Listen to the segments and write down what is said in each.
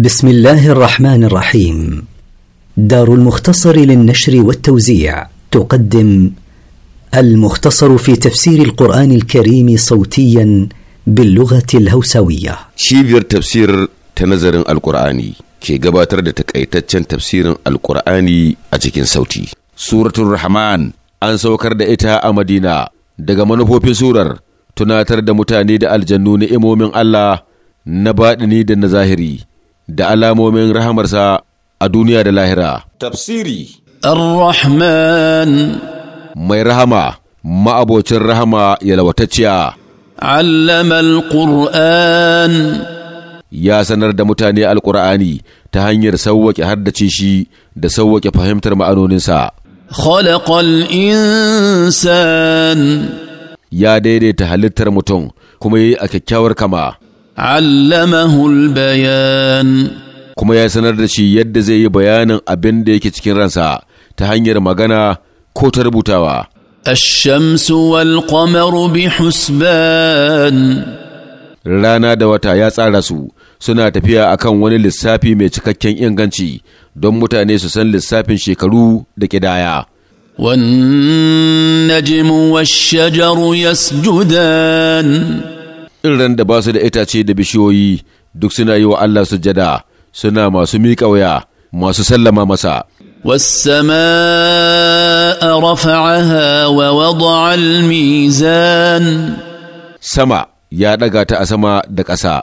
بسم الله الرحمن الرحيم دار المختصر للنشر والتوزيع تقدم المختصر في تفسير القرآن الكريم صوتيا باللغة الهوسوية شيفير تفسير تنظر القرآني كي قباتر تكأيتتشن تفسير القرآني أتكين صوتي سورة الرحمن أن سوكر دائتها أمدينة دقا منفو في سورة تناتر دمتاني دا الجنون إمو من الله نبات نيد na da alamomin rahamarsa a duniya da lahira. Tafsiri Ar-Rahman Mai rahama, ma'abocin rahama yalwatacciya. allamal al-Qur'an Ya sanar da mutane Alƙur'ani ta hanyar sauwaƙe haddace shi da sauwake fahimtar ma'anoninsa. Khalaqal insan Ya daidaita halittar mutum kuma yi a kyakkyawar kama. allamahul bayan kuma ya sanar da shi yadda zai yi bayanin abin da yake cikin ransa ta hanyar magana ko ta rubutawa الشمس والقمر بحسبان rana da wata ya tsara su suna tafiya akan wani lissafi mai cikakken inganci don mutane su san lissafin shekaru da ƙidaya. والنجم والشجر يسجدان tsirran da ba su da itace da bishiyoyi duk suna yi wa Allah sujada suna masu miƙa waya masu sallama masa. والسماء رفعها ووضع الميزان سما يا a sama da ƙasa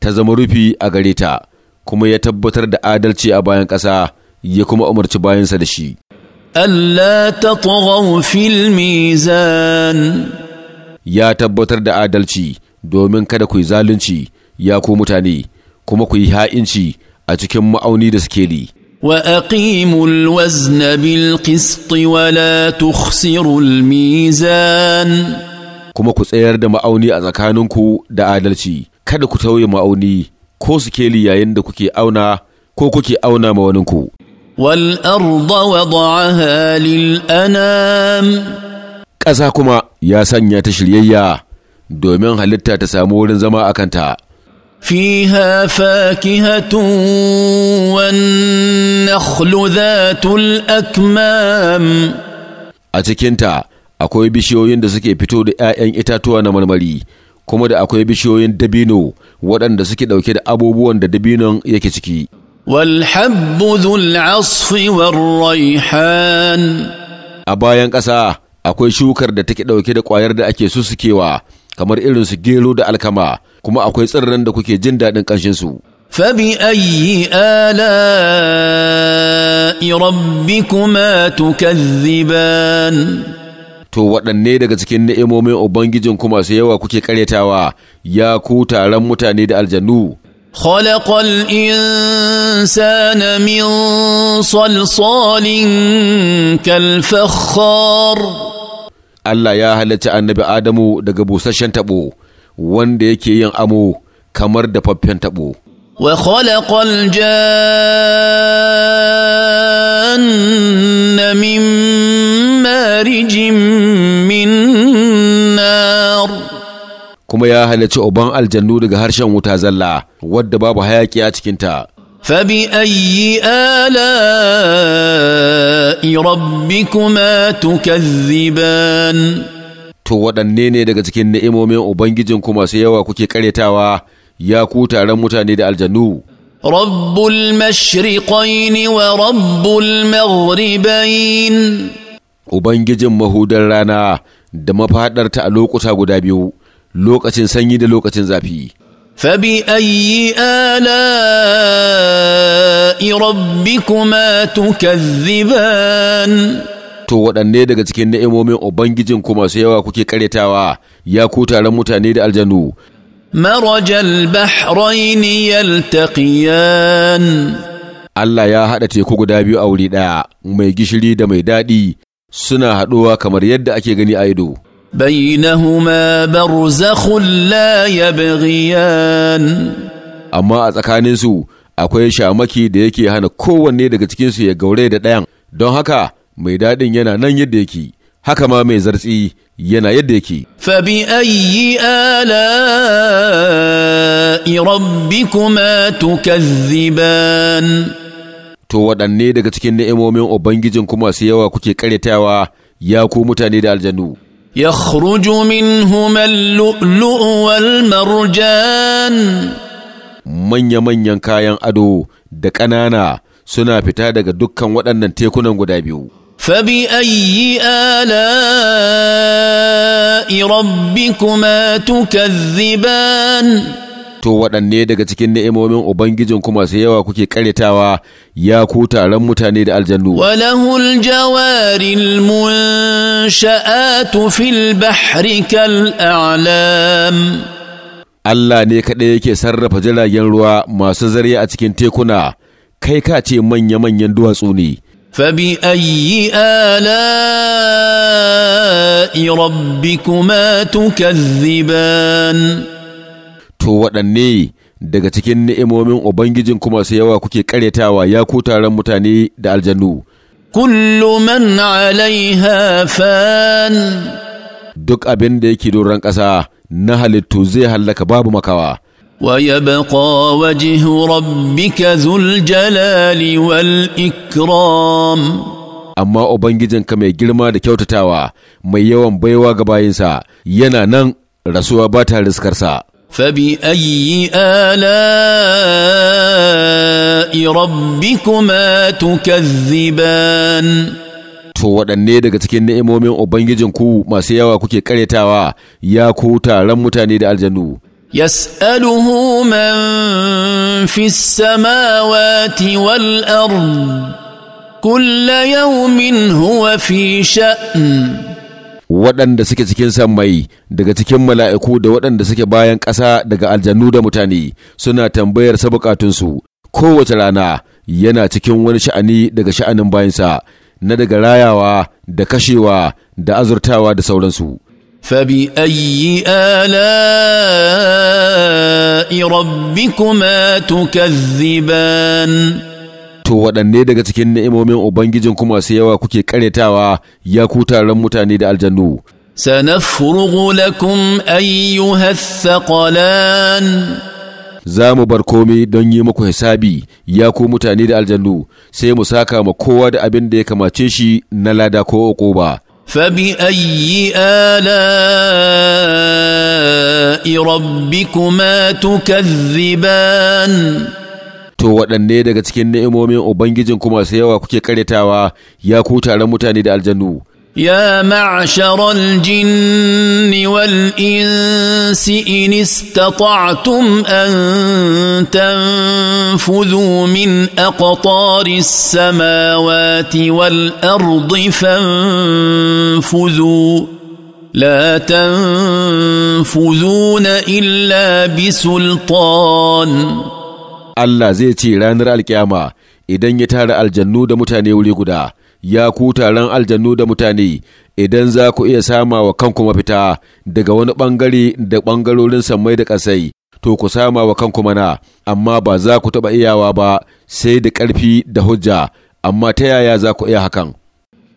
ta zama rufi a gare ta kuma ya tabbatar da adalci a bayan ƙasa ya kuma umarci bayansa da shi Allah ta fil mizan ya tabbatar da adalci domin kada ku yi zalunci ya ku mutane kuma ku yi ha'inci a cikin ma'auni da sikeli. وأقيموا الوزن بالقسط la تخسروا mizan. kuma ku tsayar da ma'auni a tsakaninku da adalci kada ku tauye ma'auni ko sikeli yayin da kuke auna ko kuke auna ma waninku والأرض وضعها anam ƙasa kuma ya sanya ta shiryayya domin halitta ta samu wurin zama a kanta. فيها فاكهة والنخل akmam A cikinta, akwai bishiyoyin da suke fito da ‘ya'yan itatuwa na marmari, kuma da akwai bishiyoyin dabino waɗanda suke ɗauke da abubuwan da dabinon yake ciki. والحب ذو العصف والريحان A bayan ƙasa akwai shukar da take ɗauke da ƙwayar da ake sussukewa kamar irin su gero da alkama kuma akwai tsirran da kuke jin daɗin ƙanshinsu. ala irabbi kuma tukazziban. To waɗanne daga cikin ni'imomin Ubangijin kuma su yawa kuke ƙaryatawa ya ku taron mutane da aljannu. خلق الإنسان من صلصال كالفخار Allah ya halarci annabi Adamu daga busasshen taɓo wanda yake yin amo kamar dafaffen taɓo. Wa khalaqal janna min marijin min nar kuma ya halarci uban aljannu daga harshen wuta zalla wadda babu hayaƙi a cikinta. فبأي آلاء ربكما تكذبان to waɗanne ne daga cikin ni'imomin ubangijinku masu yawa kuke karetawa ya ku taron mutane da aljannu rabbul رب wa rabbul maghribain. ubangijin mahudar rana da mafaɗarta a lokuta guda biyu lokacin sanyi da lokacin zafi فباي الاء ربكما تكذبان to waɗanne daga cikin ni'imomin ubangijin ku masu yawa kuke karetawa ya ku taron mutane da aljanu مرج البحرين يلتقيان Allah ya haɗa teku guda biyu a wuri ɗaya mai gishiri da mai daɗi suna haɗuwa kamar yadda ake gani a ido. بينهما برزخ لا يبغيان amma a tsakaninsu akwai shamaki da yake hana kowanne daga cikinsu ya gaure da ɗayan don haka mai daɗin yana nan yadda yake haka ma mai zartsi yana yadda yake fabi ayyi ala'i rabbikuma tukazziban to waɗanne daga cikin ni'imomin ubangijin kuma su yawa kuke karyatawa ya ku mutane da aljanu يخرج منهما اللؤلؤ والمرجان manya-manyan kayan ado da ƙanana suna fita daga dukkan waɗannan tekunan guda biyu. Fabi ayi ala rabbikuma to waɗanne daga cikin ni'imomin ubangijin kuma sai yawa kuke karetawa ya ku taron mutane da aljannu walahul jawaril munsha'atu fil bahri kal a'lam Allah ne kaɗai yake sarrafa jiragen ruwa masu zarya a cikin tekuna kai ka ce manya-manyan duwatsu ne فبأي آلاء ربكما تكذبان to waɗanne daga cikin ni'imomin Ubangijin kuma su yawa kuke ƙaretawa ya ku taron mutane da aljannu. Kullu man alaiha fan. Duk abin da yake doron ƙasa na halittu zai hallaka babu makawa. ويبقى وجه ربك ذو الجلال والإكرام amma Ubangijinka mai girma da kyautatawa mai yawan baiwa ga bayinsa yana nan rasuwa ba ta riskarsa. فبأي آلاء ربكما تكذبان to waɗanne daga cikin ni'imomin ku masu yawa kuke ƙaretawa ya ku taron mutane da aljannu yas'aluhu man fi samawati wal ard kulla yawmin huwa fi sha'n waɗanda suke cikin mai daga cikin mala'iku da waɗanda suke bayan ƙasa daga aljannu da mutane suna tambayar sa kowace rana yana cikin wani sha'ani daga sha'anin bayansa na daga rayawa da kashewa da azurtawa da sauransu. فبأي آلاء ربكما تكذبان؟ to waɗanne daga cikin ni'imomin ubangijin kuma su yawa kuke karetawa ya ku taron mutane da aljannu sanafrugu lakum ayyuha thaqalan za mu bar komai don yi muku hisabi ya ku mutane da aljannu sai mu saka ma kowa da abin da ya kamace shi na lada ko uquba فبأي kuma tukar ziban. to waɗanne daga cikin ni'imomin ubangijin kuma sai yawa kuke karyatawa ya ku taron mutane da aljannu يا معشر الجن والإنس إن استطعتم أن تنفذوا من أقطار السماوات والأرض فانفذوا لا تنفذون إلا بسلطان Allah zai ce ranar alkiyama idan ya tara aljannu da mutane wuri guda, ya ku taron aljannu da mutane, idan za ku iya sama wa kanku mafita daga wani ɓangare da ɓangarorin samai da ƙasai, to ku sama wa kanku mana, amma ba za ku taɓa iyawa ba sai da ƙarfi da hujja, amma ta yaya za ku iya hakan?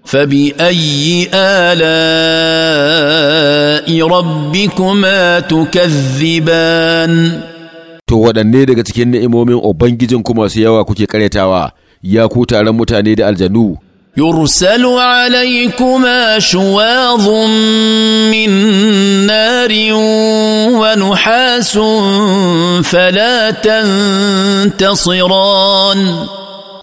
فبأي آلاء ربكما تكذبان؟ to waɗanne daga cikin ni'imomin Ubangijin kuma su yawa kuke karyatawa ya ku taron mutane da aljanu. alaikum عليكما min narin wa nuhasun fala tantasiran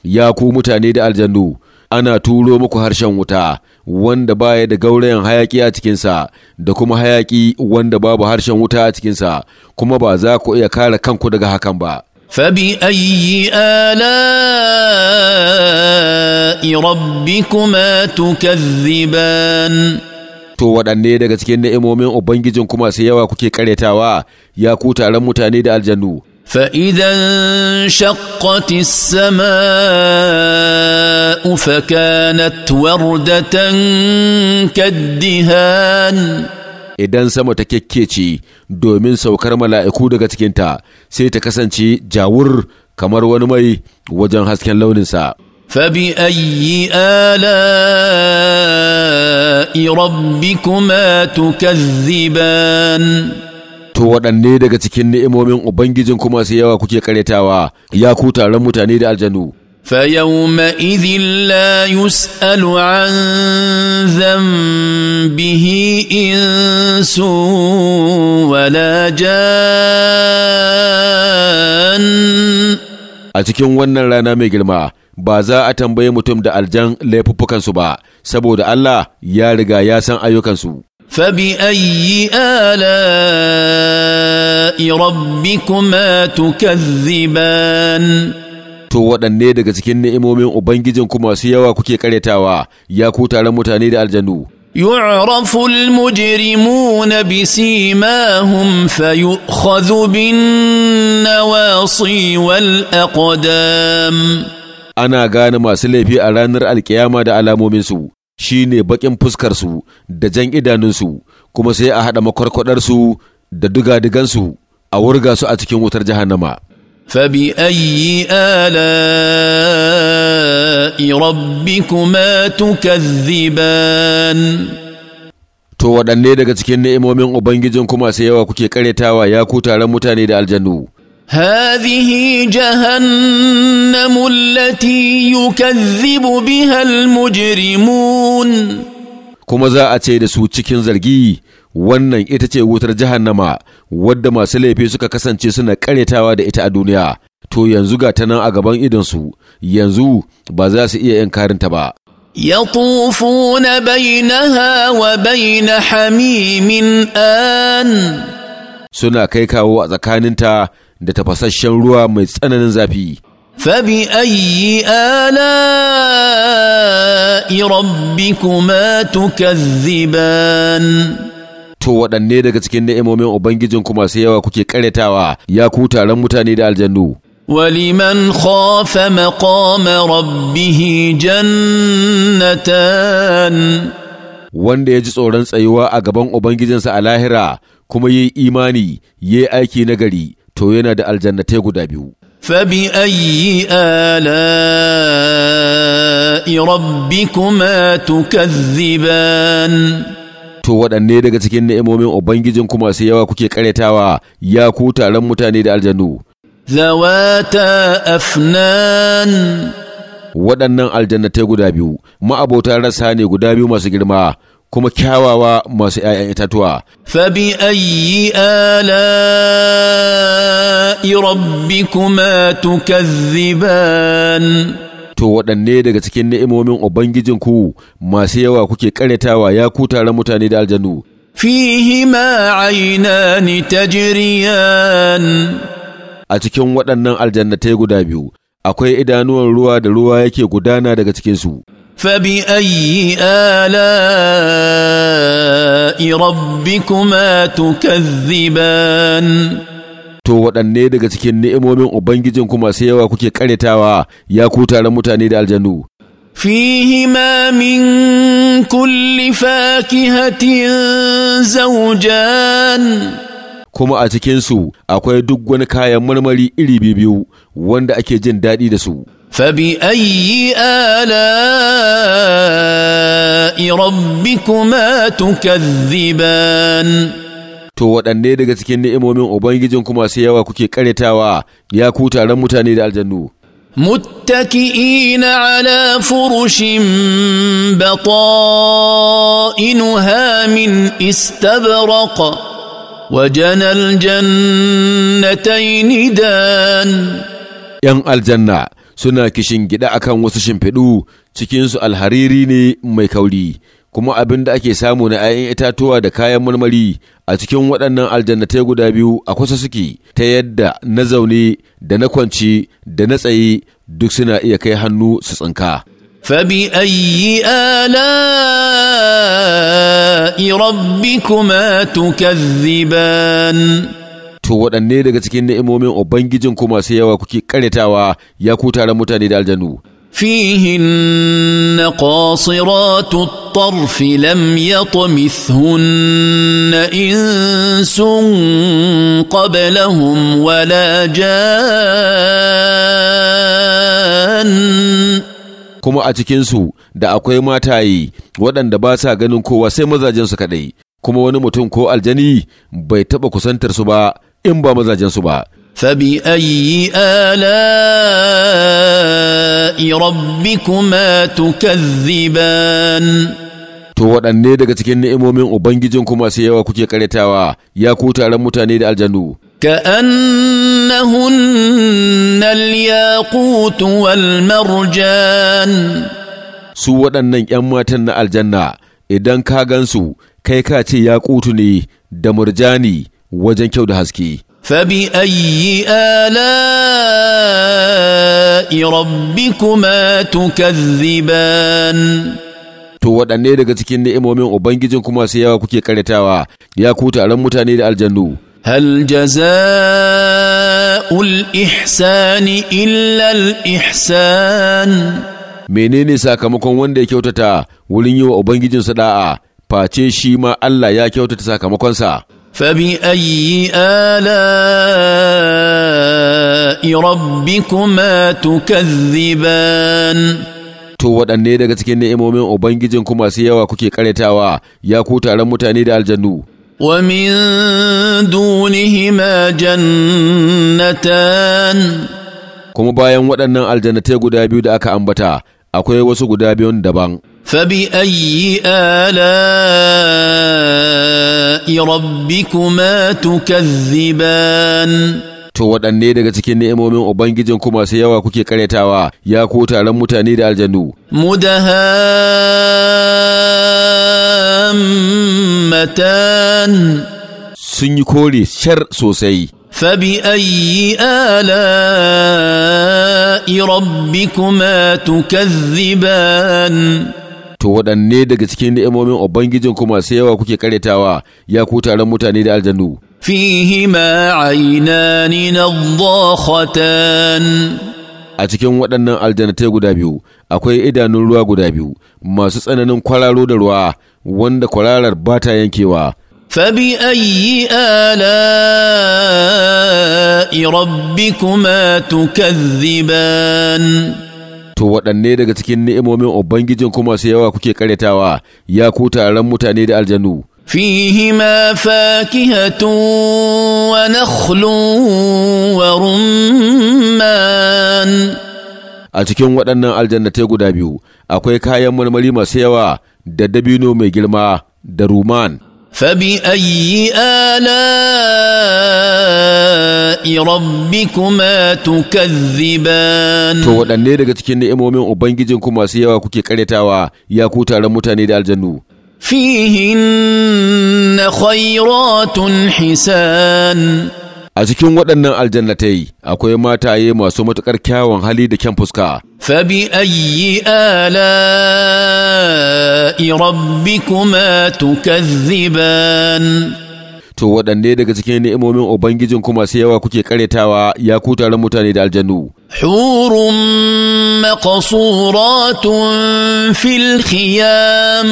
Ya ku mutane da aljanu. ana turo muku harshen wuta wanda baya da gaurayen hayaki a cikinsa da kuma hayaki wanda babu harshen wuta a cikinsa kuma ba za ku iya kare kanku daga hakan ba. فبأي kuma tuka ziban. To waɗanne daga cikin ni'imomin Ubangijin kuma sai yawa kuke karyatawa ya ku taron mutane da aljannu. فاذا انشقت السماء فكانت ورده كالدهان idan sama ta kyakkece domin saukar mala'iku daga cikinta sai ta kasance jawur kamar wani mai wajen hasken launinsa. Fabi ayyi ala'i rabbikuma tukazziban. to waɗanne daga cikin ni'imomin ubangijin kuma sai yawa kuke karetawa ya ku taron mutane da aljanu فيومئذ لا يسأل عن ذنبه إنس ولا جان a cikin wannan rana mai girma ba za a tambaye mutum da aljan laifuffukansu ba saboda Allah ya riga ya san ayyukansu فباي الاء ربكما تكذبان to waɗanne daga cikin ni'imomin ku masu yawa kuke karetawa ya ku mutane da aljanu يعرف المجرمون بسيماهم فيؤخذ بالنواصي والاقدام ana gane masu laifi a ranar alkiyama da alamominsu shi ne baƙin fuskarsu da jan idanunsu kuma sai a haɗa makwarkwadarsu da dugadugansu a wurga su a cikin wutar jahannama. فبأي آلاء ربكما تكذبان To waɗanne daga cikin ni'imomin Ubangijin kuma sai yawa kuke karetawa ya ku taron mutane da aljannu. هذه جهنم التي يكذب بها المجرمون kuma za a ce da su cikin zargi wannan ita ce wutar jahannama wadda masu laifi suka kasance suna karyatawa da ita a duniya to yanzu ga ta nan a gaban idonsu yanzu ba za su iya karinta ba يطوفون بينها وبين حميم آن suna kai kawo a tsakaninta da tafasasshen ruwa mai tsananin zafi. Fabi ayi kuma rabbikuma tukazziban. To waɗanne daga cikin ni'imomin kuma masu yawa kuke ƙaretawa ya ku taron mutane da aljannu. waliman khafa مقام rabbihi jannatan. wanda ya ji tsoron tsayuwa a gaban Ubangijinsa a lahira kuma yi imani, yi aiki nagari, to yana da aljannatai guda biyu. فبأي kuma ربكما ziban. To waɗanne daga cikin ni'imomin Ubangijin kuma sai yawa kuke ƙaretawa ya ku taron mutane da aljannu Zawata afnan Waɗannan aljannatai guda biyu, ma'abota rasa ne guda biyu masu girma. kuma kyawawa masu ‘ya'yan itatuwa. Fabi ayi ala irabbi kuma ziban. To waɗanne daga cikin ni'imomin Ubangijinku masu yawa kuke ƙaretawa ya ku taron mutane da aljanu. Fihima ta jiriyan. A cikin waɗannan aljannatai guda biyu, akwai idanuwan ruwa da ruwa yake gudana daga cikinsu. فباي الاء ربكما تكذبان To waɗanne daga cikin ni'imomin kuma masu yawa kuke ƙaretawa ya ku mutane da aljanu. فيهما min kulli fakihatin زوجان kuma a cikinsu akwai duk wani kayan marmari iri biyu wanda ake jin daɗi da su. فبأي آلاء ربكما تكذبان To waɗanne daga cikin ni’imomin Ubangijin kuma sai yawa kuke ƙaretawa ya ku taron mutane da aljannu. Muttaki’ina ala furushin bata’inuha min istabaraka wajenar jannatai nidan. ‘Yan aljanna’ suna kishin gida akan wasu shimfiɗu cikinsu alhariri ne mai kauri kuma abin da ake samu na 'ya'yan itatuwa da kayan marmari a cikin waɗannan aljannatai guda biyu a kusa suke ta yadda na zaune da na kwanci da na tsaye duk suna iya kai hannu su tsinka. فبأي آلاء ربكما تكذبان؟ to waɗanne daga cikin ni'imomin ubangijin ku masu yawa kuke karetawa ya ku taron mutane da aljanu فيهن قاصرات الطرف لم يطمثهن انس قبلهم ولا جان kuma a cikinsu da akwai mataye waɗanda ba sa ganin kowa sai mazajensu kaɗai kuma wani mutum ko aljani bai taɓa kusantar su ba in ba mazajen su ba. فبأي kuma ربكما ziban. To waɗanne daga cikin ni'imomin kuma masu yawa kuke karyatawa ya ku taron mutane da aljanu. كأنهن الياقوت والمرجان Su waɗannan ‘yan matan na aljanna idan ka gansu, kai ka ce ya ne da murjani. wajen kyau da haske. فبأي kuma tuka ziban. To waɗanne daga cikin ni'imomin Ubangijin kuma sai yawa kuke karyatawa ya ku taron mutane da aljannu. Hal jaza'ul ihsani illal ihsan Menene sakamakon wanda ya kyautata wurin yi wa Ubangijinsa da'a face shi ma Allah ya kyautata sakamakonsa. فبأي آلاء ربكما تكذبان to waɗanne daga cikin ni'imomin ubangijin ku masu yawa kuke karetawa ya ku taron mutane da aljannu min dunihima jannatan. kuma bayan waɗannan aljannatai guda biyu da aka ambata akwai wasu guda biyun daban فبأي آلاء ربكما تكذبان To waɗanne daga cikin ni'imomin Ubangijin ku masu yawa kuke karyatawa ya ko taron mutane da aljanu. Mudahammatan sun yi kore shar sosai. Fabi ayi ala rabbikuma tukazziban. to waɗanne daga cikin ni'imomin ubangijin kuma sai yawa kuke karetawa ya ku taron mutane da aljannu فيهما عينان نضاختان a cikin waɗannan aljanatai guda biyu akwai idanun ruwa guda biyu masu tsananin kwararo da ruwa wanda kwararar ba ta yankewa فبأي آلاء ربكما tukazziban to waɗanne daga cikin ni'imomin ubangijin kuma sai yawa kuke karyatawa ya ku taron mutane da aljannu فيهما فاكهة ونخل ورمان a cikin waɗannan aljannatai guda biyu akwai kayan marmari masu yawa da dabino mai girma da ruman فباي ala'i rabbikuma tukazziban to waɗanne daga cikin ni'imomin ubangijin ku masu yawa kuke karyatawa ya ku taron mutane da aljannu fihinna khairatun hisan a cikin waɗannan aljannatai akwai mataye masu matuƙar kyawun hali da kyan fuska fabi ayyi kuma rabbikuma tukazziban to waɗanne daga cikin ni'imomin ubangijin kuma sai yawa kuke karetawa ya ku taron mutane da aljannu hurun maqsuratun fil khiyam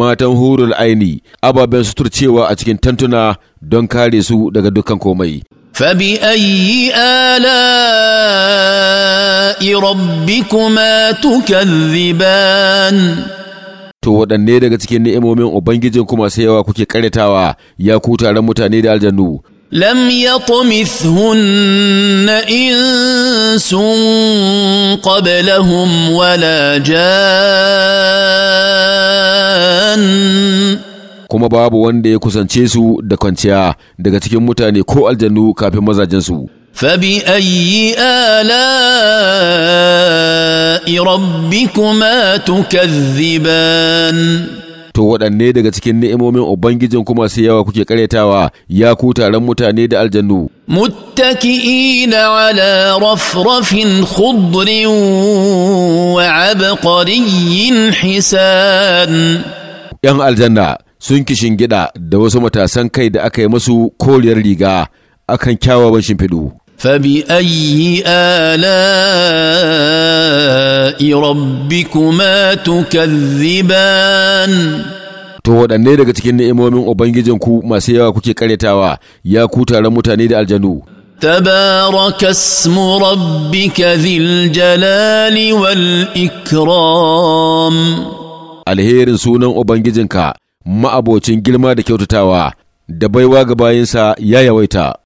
matan hurul aini ababen suturcewa a cikin tantuna don kare su daga dukkan komai فبأي kuma ربكما ziban. To waɗanne daga cikin ni'imomin Ubangijinku masu yawa kuke ƙaretawa ya ku taron mutane da aljannu. لم يطمثهن انس قبلهم ولا جان kuma babu wanda ya kusance su da kwanciya daga cikin mutane ko aljannu kafin mazajensu. Fabi ayi ala rabbikuma tukazziban to waɗanne daga cikin ni'imomin ubangijin kuma sai yawa kuke karetawa ya ku taron mutane da aljannu ala rafrafin khudrin wa وعبقري hisan. ‘Yan aljanna sun kishin gida da wasu matasan kai da aka yi musu koriyar riga akan kyawawan shimfiɗu. فبأي آلاء ربكما تكذبان To waɗanne daga cikin ni'imomin Ubangijinku masu yawa kuke karyatawa ya ku taron mutane da aljanu. smu rabbika zil jalali wal ikram. alherin sunan Ubangijinka ma'abocin girma da kyautatawa da baiwa ga bayansa ya yawaita.